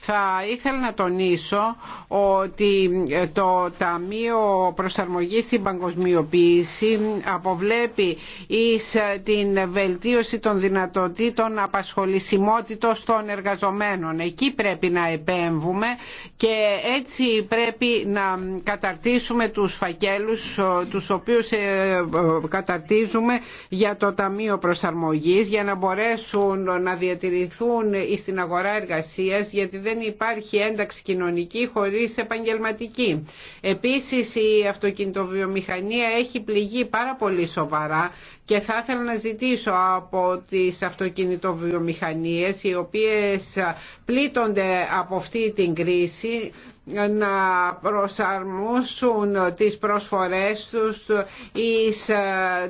Θα ήθελα να τονίσω ότι το Ταμείο Προσαρμογής στην Παγκοσμιοποίηση αποβλέπει εις την βελτίωση των δυνατοτήτων απασχολησιμότητος των εργαζομένων. Εκεί πρέπει να επέμβουμε και έτσι πρέπει να καταρτήσουμε τους φακέλους τους οποίους ε, καταρτίζουμε για το Ταμείο Προσαρμογής για να μπορέσουν να διατηρηθούν στην αγορά εργασίας δεν υπάρχει ένταξη κοινωνική χωρίς επαγγελματική. Επίσης η αυτοκινητοβιομηχανία έχει πληγεί πάρα πολύ σοβαρά και θα ήθελα να ζητήσω από τις αυτοκινητοβιομηχανίες οι οποίες πλήττονται από αυτή την κρίση να προσαρμόσουν τις προσφορές τους εις ε,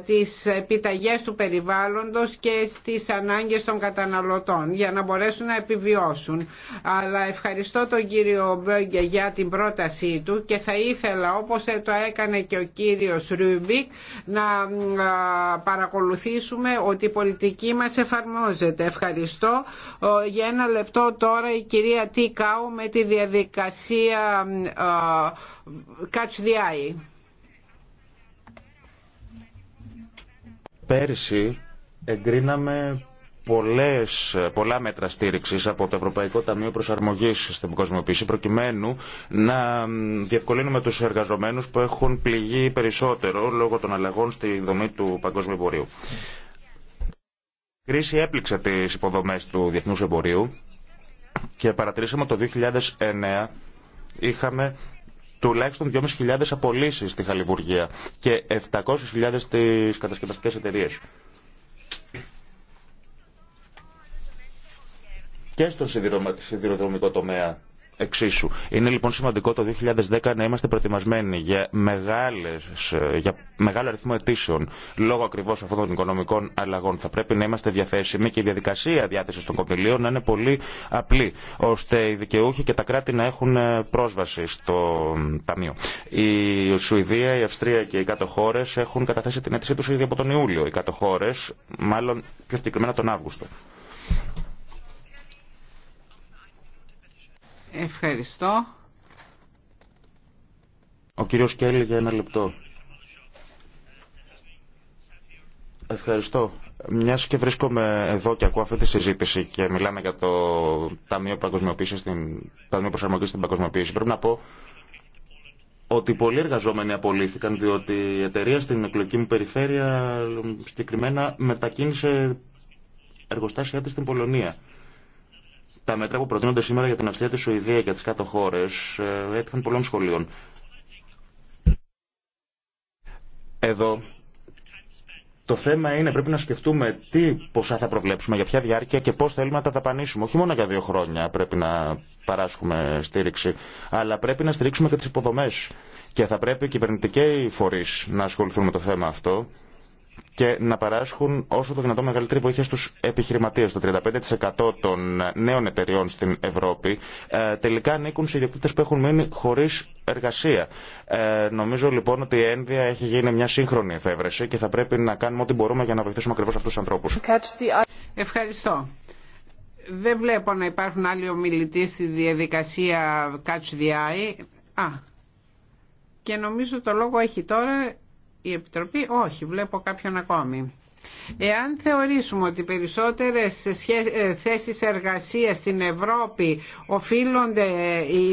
τις επιταγές του περιβάλλοντος και στις ανάγκες των καταναλωτών για να μπορέσουν να επιβιώσουν. Αλλά ευχαριστώ τον κύριο Μπέγκε για την πρότασή του και θα ήθελα όπως το έκανε και ο κύριος Ρούμπικ να ε, παρακολουθήσουμε ότι η πολιτική μας εφαρμόζεται. Ευχαριστώ. Για ένα λεπτό τώρα η κυρία Τίκαου με τη διαδικασία Catch the Eye. Πέρσι εγκρίναμε πολλές, πολλά μέτρα στήριξη από το Ευρωπαϊκό Ταμείο Προσαρμογής στην Κοσμοποίηση προκειμένου να διευκολύνουμε τους εργαζομένους που έχουν πληγεί περισσότερο λόγω των αλλαγών στη δομή του παγκόσμιου εμπορίου. Η κρίση έπληξε τι υποδομέ του διεθνού εμπορίου και παρατηρήσαμε το 2009 είχαμε τουλάχιστον 2.500 απολύσεις στη Χαλιβουργία και 700.000 στις κατασκευαστικές εταιρείες. και στον σιδηροδρομικό τομέα εξίσου. Είναι λοιπόν σημαντικό το 2010 να είμαστε προετοιμασμένοι για, μεγάλες, για μεγάλο αριθμό αιτήσεων. Λόγω ακριβώ αυτών των οικονομικών αλλαγών θα πρέπει να είμαστε διαθέσιμοι και η διαδικασία διάθεση των κοπηλίων να είναι πολύ απλή, ώστε οι δικαιούχοι και τα κράτη να έχουν ε, πρόσβαση στο Ταμείο. Η Σουηδία, η Αυστρία και οι κάτω χώρε έχουν καταθέσει την αίτησή του ήδη από τον Ιούλιο. Οι κάτω χώρε, μάλλον πιο συγκεκριμένα τον Αύγουστο. Ευχαριστώ. Ο κύριος Κέλλη για ένα λεπτό. Ευχαριστώ. Μια και βρίσκομαι εδώ και ακούω αυτή τη συζήτηση και μιλάμε για το Ταμείο, Παγκοσμιοποίησης, Ταμείο Προσαρμογή στην Παγκοσμιοποίηση, πρέπει να πω ότι πολλοί εργαζόμενοι απολύθηκαν διότι η εταιρεία στην εκλογική μου περιφέρεια συγκεκριμένα μετακίνησε εργοστάσια της στην Πολωνία τα μέτρα που προτείνονται σήμερα για την Αυστρία, τη Σουηδία και τι κάτω χώρε ε, έτυχαν πολλών σχολείων. Εδώ το θέμα είναι πρέπει να σκεφτούμε τι ποσά θα προβλέψουμε, για ποια διάρκεια και πώς θέλουμε να τα ταπανίσουμε. Όχι μόνο για δύο χρόνια πρέπει να παράσχουμε στήριξη, αλλά πρέπει να στηρίξουμε και τις υποδομές. Και θα πρέπει οι κυβερνητικοί φορεί να ασχοληθούν με το θέμα αυτό και να παράσχουν όσο το δυνατόν μεγαλύτερη βοήθεια στους επιχειρηματίες. Το 35% των νέων εταιριών στην Ευρώπη ε, τελικά ανήκουν σε ιδιοκτήτες που έχουν μείνει χωρίς εργασία. Ε, νομίζω λοιπόν ότι η ένδυα έχει γίνει μια σύγχρονη εφεύρεση και θα πρέπει να κάνουμε ό,τι μπορούμε για να βοηθήσουμε ακριβώς αυτούς τους ανθρώπους. Ευχαριστώ. Δεν βλέπω να υπάρχουν άλλοι ομιλητοί στη διαδικασία Catch the Eye. Α, και νομίζω το λόγο έχει τώρα η Επιτροπή. Όχι, βλέπω κάποιον ακόμη. Εάν θεωρήσουμε ότι περισσότερες ε, θέσεις εργασίας στην Ευρώπη οφείλονται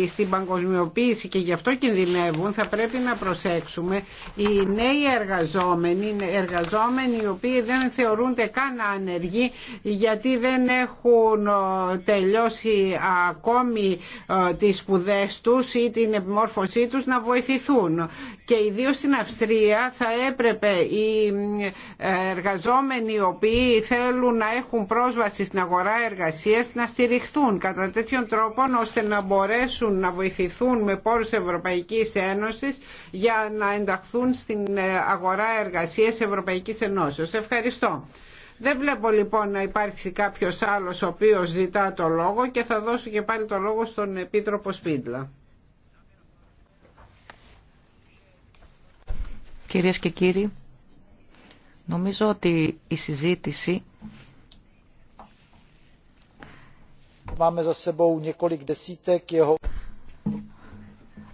ε, στην παγκοσμιοποίηση και γι' αυτό κινδυνεύουν, θα πρέπει να προσέξουμε οι νέοι εργαζόμενοι, εργαζόμενοι οι οποίοι δεν θεωρούνται καν άνεργοι γιατί δεν έχουν ε, τελειώσει ακόμη τις σπουδέ τους ή την επιμόρφωσή τους να βοηθηθούν. Και ιδίως στην Αυστρία θα έπρεπε οι εργαζόμενοι οι οποίοι θέλουν να έχουν πρόσβαση στην αγορά εργασίας να στηριχθούν κατά τέτοιον τρόπο ώστε να μπορέσουν να βοηθηθούν με πόρους Ευρωπαϊκής Ένωσης για να ενταχθούν στην ε, αγορά εργασίας Ευρωπαϊκής Ενώσεως. Ευχαριστώ. Δεν βλέπω λοιπόν να υπάρξει κάποιος άλλος ο οποίος ζητά το λόγο και θα δώσω και πάλι το λόγο στον Επίτροπο Σπίτλα. Κυρίες και κύριοι, Νομίζω ότι η συζήτηση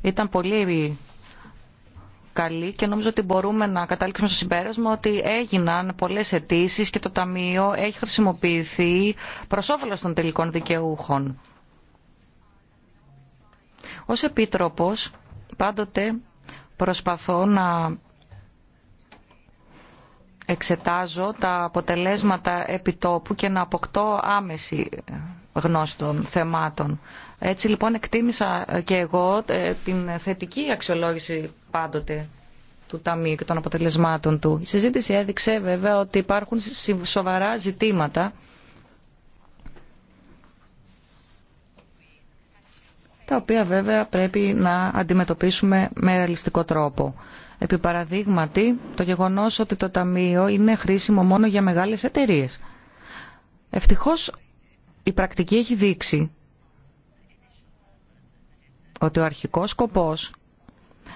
ήταν πολύ καλή και νομίζω ότι μπορούμε να καταλήξουμε στο συμπέρασμα ότι έγιναν πολλές αιτήσει και το Ταμείο έχει χρησιμοποιηθεί προς όφελος των τελικών δικαιούχων. Ως Επίτροπος πάντοτε προσπαθώ να εξετάζω τα αποτελέσματα επιτόπου και να αποκτώ άμεση γνώση των θεμάτων. Έτσι λοιπόν εκτίμησα ε, και εγώ ε, την θετική αξιολόγηση πάντοτε του Ταμείου και των αποτελεσμάτων του. Η συζήτηση έδειξε βέβαια ότι υπάρχουν σοβαρά ζητήματα τα οποία βέβαια πρέπει να αντιμετωπίσουμε με ρεαλιστικό τρόπο επί παραδείγματι, το γεγονός ότι το Ταμείο είναι χρήσιμο μόνο για μεγάλες εταιρείες. Ευτυχώς η πρακτική έχει δείξει ότι ο αρχικός σκοπός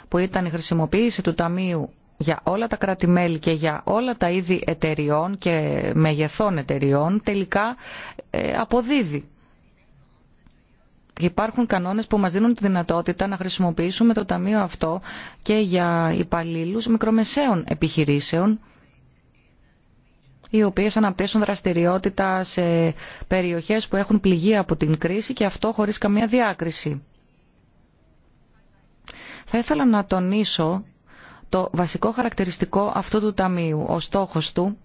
που ήταν η χρησιμοποίηση του Ταμείου για όλα τα κρατη και για όλα τα είδη εταιριών και μεγεθών εταιριών τελικά ε, αποδίδει υπάρχουν κανόνες που μας δίνουν τη δυνατότητα να χρησιμοποιήσουμε το ταμείο αυτό και για υπαλλήλου μικρομεσαίων επιχειρήσεων οι οποίες αναπτύσσουν δραστηριότητα σε περιοχές που έχουν πληγεί από την κρίση και αυτό χωρίς καμία διάκριση. Θα ήθελα να τονίσω το βασικό χαρακτηριστικό αυτού του ταμείου. Ο στόχος του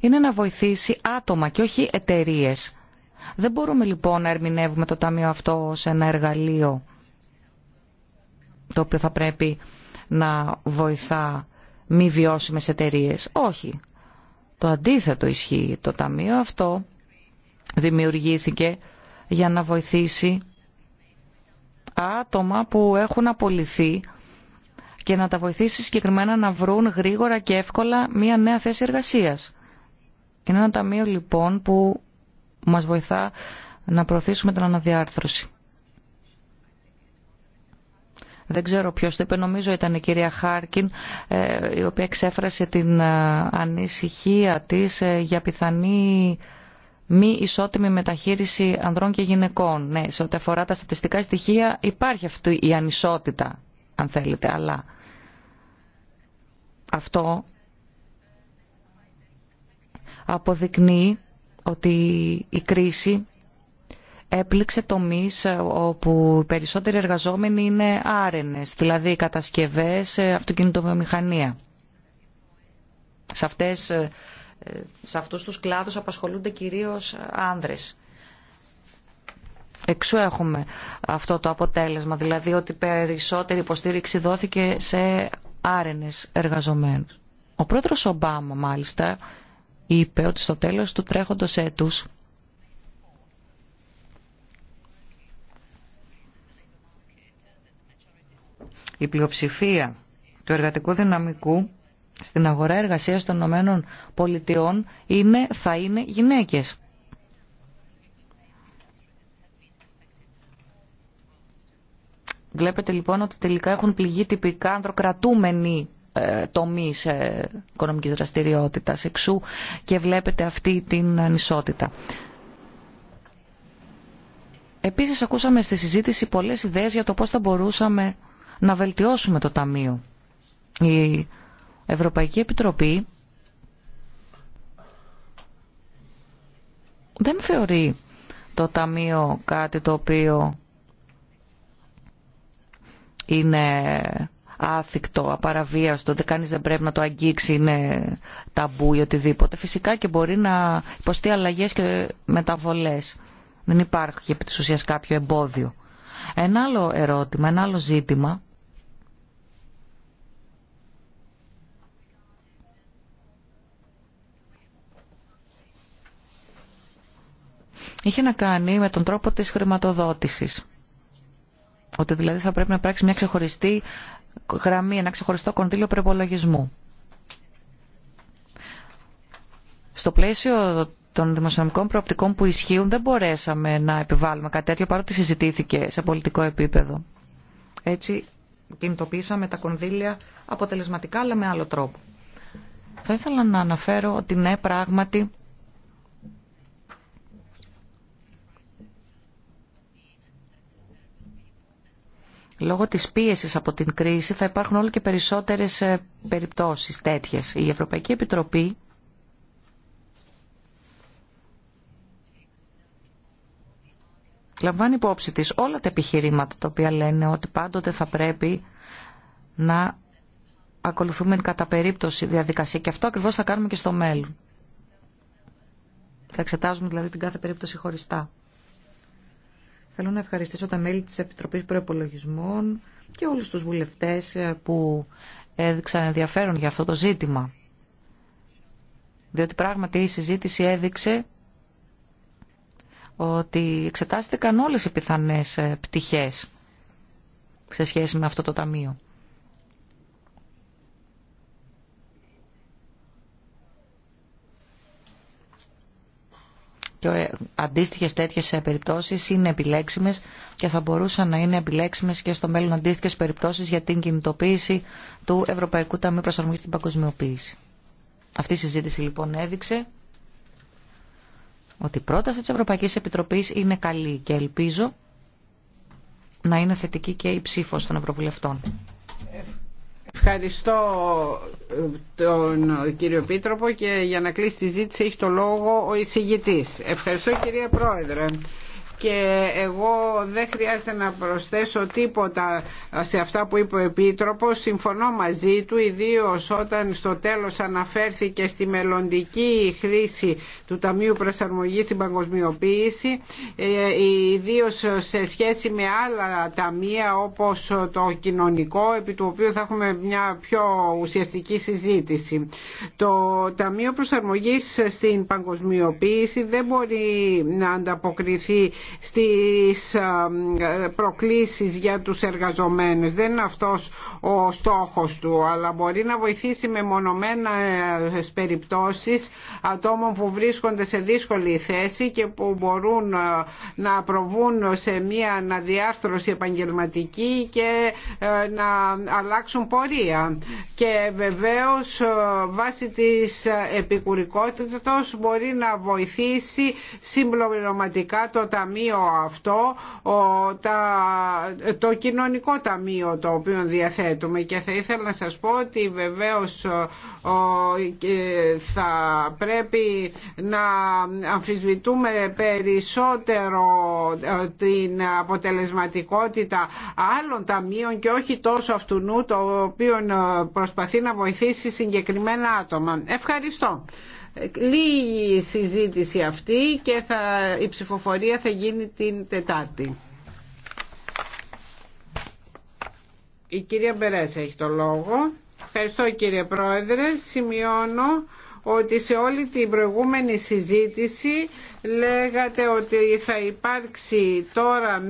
είναι να βοηθήσει άτομα και όχι εταιρείες δεν μπορούμε λοιπόν να ερμηνεύουμε το Ταμείο αυτό ως ένα εργαλείο το οποίο θα πρέπει να βοηθά μη βιώσιμες εταιρείε. Όχι. Το αντίθετο ισχύει. Το Ταμείο αυτό δημιουργήθηκε για να βοηθήσει άτομα που έχουν απολυθεί και να τα βοηθήσει συγκεκριμένα να βρουν γρήγορα και εύκολα μία νέα θέση εργασίας. Είναι ένα ταμείο λοιπόν που μας βοηθά να προωθήσουμε την αναδιάρθρωση. Δεν ξέρω ποιος το είπε, νομίζω ήταν η κυρία Χάρκιν, ε, η οποία εξέφρασε την ε, ανησυχία της ε, για πιθανή μη ισότιμη μεταχείριση ανδρών και γυναικών. Ναι, σε ό,τι αφορά τα στατιστικά στοιχεία υπάρχει αυτή η ανισότητα, αν θέλετε, αλλά αυτό αποδεικνύει ότι η κρίση έπληξε τομείς ε, όπου οι περισσότεροι εργαζόμενοι είναι άρενες, δηλαδή κατασκευές, ε, αυτοκινητοβιομηχανία. Σε, αυτές, ε, σε αυτούς τους κλάδους απασχολούνται κυρίως άνδρες. Εξού έχουμε αυτό το αποτέλεσμα, δηλαδή ότι περισσότερη υποστήριξη δόθηκε σε άρενες εργαζομένους. Ο πρόεδρος Ομπάμα μάλιστα είπε ότι στο τέλος του τρέχοντος έτους η πλειοψηφία του εργατικού δυναμικού στην αγορά εργασίας των ΗΠΑ Πολιτειών είναι, θα είναι γυναίκες. Βλέπετε λοιπόν ότι τελικά έχουν πληγεί τυπικά ανδροκρατούμενοι ε, τομείς ε, οικονομική δραστηριότητα, εξού και βλέπετε αυτή την ανισότητα. Επίσης ακούσαμε στη συζήτηση πολλές ιδέες για το πώς θα μπορούσαμε να βελτιώσουμε το Ταμείο. Η Ευρωπαϊκή Επιτροπή δεν θεωρεί το Ταμείο κάτι το οποίο είναι άθικτο, απαραβίαστο, δεν κανείς δεν πρέπει να το αγγίξει, είναι ταμπού ή οτιδήποτε. Φυσικά και μπορεί να υποστεί αλλαγές και μεταβολές. Δεν υπάρχει επί της ουσίας κάποιο εμπόδιο. Ένα άλλο ερώτημα, ένα άλλο ζήτημα είχε να κάνει με τον τρόπο της χρηματοδότησης. Ότι δηλαδή θα πρέπει να πράξει μια ξεχωριστή γραμμή, ένα ξεχωριστό κονδύλιο προπολογισμού. Στο πλαίσιο των δημοσιονομικών προοπτικών που ισχύουν δεν μπορέσαμε να επιβάλλουμε κάτι τέτοιο παρότι συζητήθηκε σε πολιτικό επίπεδο. Έτσι κινητοποίησαμε τα κονδύλια αποτελεσματικά αλλά με άλλο τρόπο. Θα ήθελα να αναφέρω ότι ναι πράγματι Λόγω της πίεσης από την κρίση θα υπάρχουν όλο και περισσότερες ε, περιπτώσεις τέτοιες. Η Ευρωπαϊκή Επιτροπή λαμβάνει υπόψη της όλα τα επιχειρήματα τα οποία λένε ότι πάντοτε θα πρέπει να ακολουθούμε κατά περίπτωση διαδικασία και αυτό ακριβώς θα κάνουμε και στο μέλλον. Θα εξετάζουμε δηλαδή την κάθε περίπτωση χωριστά. Θέλω να ευχαριστήσω τα μέλη της Επιτροπής Προεπολογισμών και όλους τους βουλευτές ε, που ε, έδειξαν ενδιαφέρον για αυτό το ζήτημα. Διότι πράγματι η συζήτηση έδειξε ότι εξετάστηκαν όλες οι πιθανές ε, πτυχές σε σχέση με αυτό το ταμείο. και ε, αντίστοιχε τέτοιε περιπτώσει είναι επιλέξιμες και θα μπορούσαν να είναι επιλέξιμε και στο μέλλον αντίστοιχε περιπτώσει για την κινητοποίηση του Ευρωπαϊκού Ταμείου Προσαρμογή στην Παγκοσμιοποίηση. Αυτή η συζήτηση λοιπόν έδειξε ότι η πρόταση της Ευρωπαϊκής Επιτροπής είναι καλή και ελπίζω να είναι θετική και η ψήφος των Ευρωβουλευτών. Ε, Ευχαριστώ ε, τον κύριο Πίτροπο και για να κλείσει τη ζήτηση έχει το λόγο ο εισηγητής. Ευχαριστώ κυρία Πρόεδρε και εγώ δεν χρειάζεται να προσθέσω τίποτα σε αυτά που είπε ο Επίτροπος. Συμφωνώ μαζί του, ιδίως όταν στο τέλος αναφέρθηκε στη μελλοντική χρήση του Ταμείου Προσαρμογής στην Παγκοσμιοποίηση, ε, ιδίως σε σχέση με άλλα ταμεία όπως το κοινωνικό, επί του οποίου θα έχουμε μια πιο ουσιαστική συζήτηση. Το Ταμείο Προσαρμογής στην Παγκοσμιοποίηση δεν μπορεί να ανταποκριθεί στις προκλήσεις για τους εργαζομένους. Δεν είναι αυτός ο στόχος του, αλλά μπορεί να βοηθήσει με μονομένα ε, περιπτώσεις ατόμων που βρίσκονται σε δύσκολη θέση και που μπορούν να προβούν σε μια αναδιάρθρωση επαγγελματική και ε, να αλλάξουν πορεία. Και βεβαίως ε, βάσει της επικουρικότητας μπορεί να βοηθήσει συμπληρωματικά το Ταμείο ταμείο αυτό το κοινωνικό ταμείο το οποίο διαθέτουμε και θα ήθελα να σας πω ότι βεβαίως θα πρέπει να αμφισβητούμε περισσότερο ε, την αποτελεσματικότητα άλλων ταμείων και όχι τόσο αυτού νου το οποίο ε, προσπαθεί να βοηθήσει συγκεκριμένα άτομα. Ευχαριστώ. Λίγη συζήτηση αυτή και θα, η ψηφοφορία θα γίνει την Τετάρτη. Η κυρία Μπερέσα έχει το λόγο. Ευχαριστώ κύριε Πρόεδρε. Σημειώνω ότι σε όλη την προηγούμενη συζήτηση λέγατε ότι θα υπάρξει τώρα